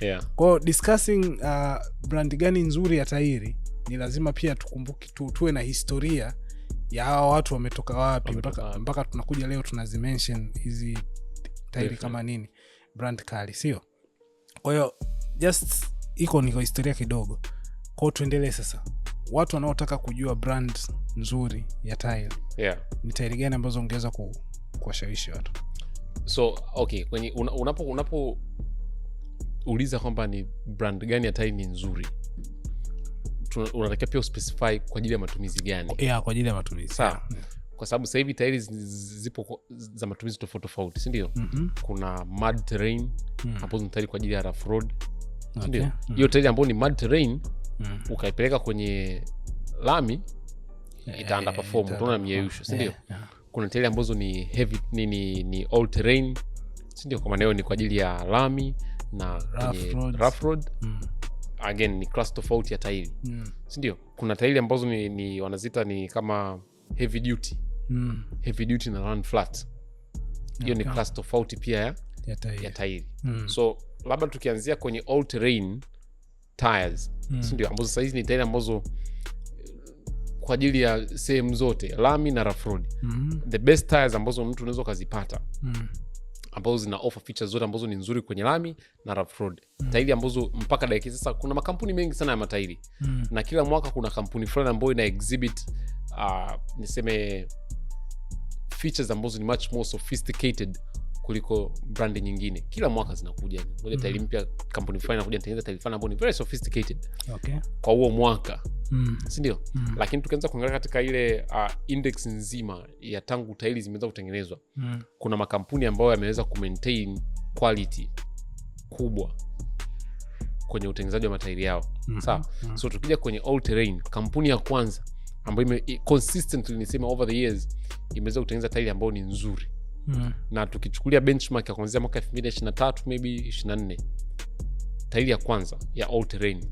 yeah. Kwao discussing uh, brand gani nzuri ya tairi ni lazima pia tukumbuki tu, tuwe na historia ya hawa watu wametoka wapi mpaka, mpaka tunakuja leo tunazimention hizi tairi kama nini brand kali, sio? kwahiyo just iko niko historia kidogo kwao, tuendelee sasa watu wanaotaka kujua brand nzuri ya tairi yeah. ni tairi gani ambazo ungeweza kuwashawishi watu? So okay, kwenye unapo unapo uliza kwamba ni brand gani ya tai ni nzuri unatakiwa pia uspesify kwa ajili ya matumizi gani yeah, kwa ajili ya matumizi sawa yeah. Mm. kwa sababu sahivi tairi zipo za matumizi tofauti tofauti sindio mm-hmm. kuna mud terrain mm. ambazo ni tairi kwa ajili ya rough sindio okay. mm. tairi ambayo ni mud terrain mm. ukaipeleka kwenye lami yeah, itaanda perform utaona mieyusho sindio eh, yeah. kuna tairi ambazo ni heavy ni, ni, ni all terrain sindio kwa maana hiyo ni kwa ajili ya lami na rough road mm. again ni class tofauti ya tairi mm. sindio? Kuna tairi ambazo ni, ni wanazita ni kama heavy duty mm. heavy duty na run flat, hiyo okay. ni class tofauti pia ya, ya tairi, ya tairi. Mm. so labda tukianzia kwenye all terrain tires mm. sindio, ambazo sahizi ni tairi ambazo eh, kwa ajili ya sehemu zote lami na rough mm. the best tires ambazo mtu unaweza ukazipata mm ambazo zina offer features zote ambazo ni nzuri kwenye lami na rough road. Mm. Tairi ambazo mpaka dakika sasa kuna makampuni mengi sana ya matairi. Mm. Na kila mwaka kuna kampuni fulani ambayo ina exhibit uh, niseme features ambazo ni much more sophisticated kuliko brand nyingine. Kila mwaka zinakuja moja mm. tairi mpya, kampuni fulani nakuja inatengeneza tairi fulani ambao ni very sophisticated okay, kwa huo mwaka mm. sindio? mm. Lakini tukianza kuangalia katika ile uh, index nzima ya tangu tairi zimeweza kutengenezwa mm. kuna makampuni ambayo yameweza kumaintain quality kubwa kwenye utengenezaji wa matairi yao mm -hmm. Sawa mm -hmm. So tukija kwenye all terrain, kampuni ya kwanza ambayo ime, consistently nisema over the years imeweza kutengeneza tairi ambayo ni nzuri Mm. na tukichukulia benchmark ya kuanzia mwaka na 2023 maybe 24 tairi ya kwanza ya all terrain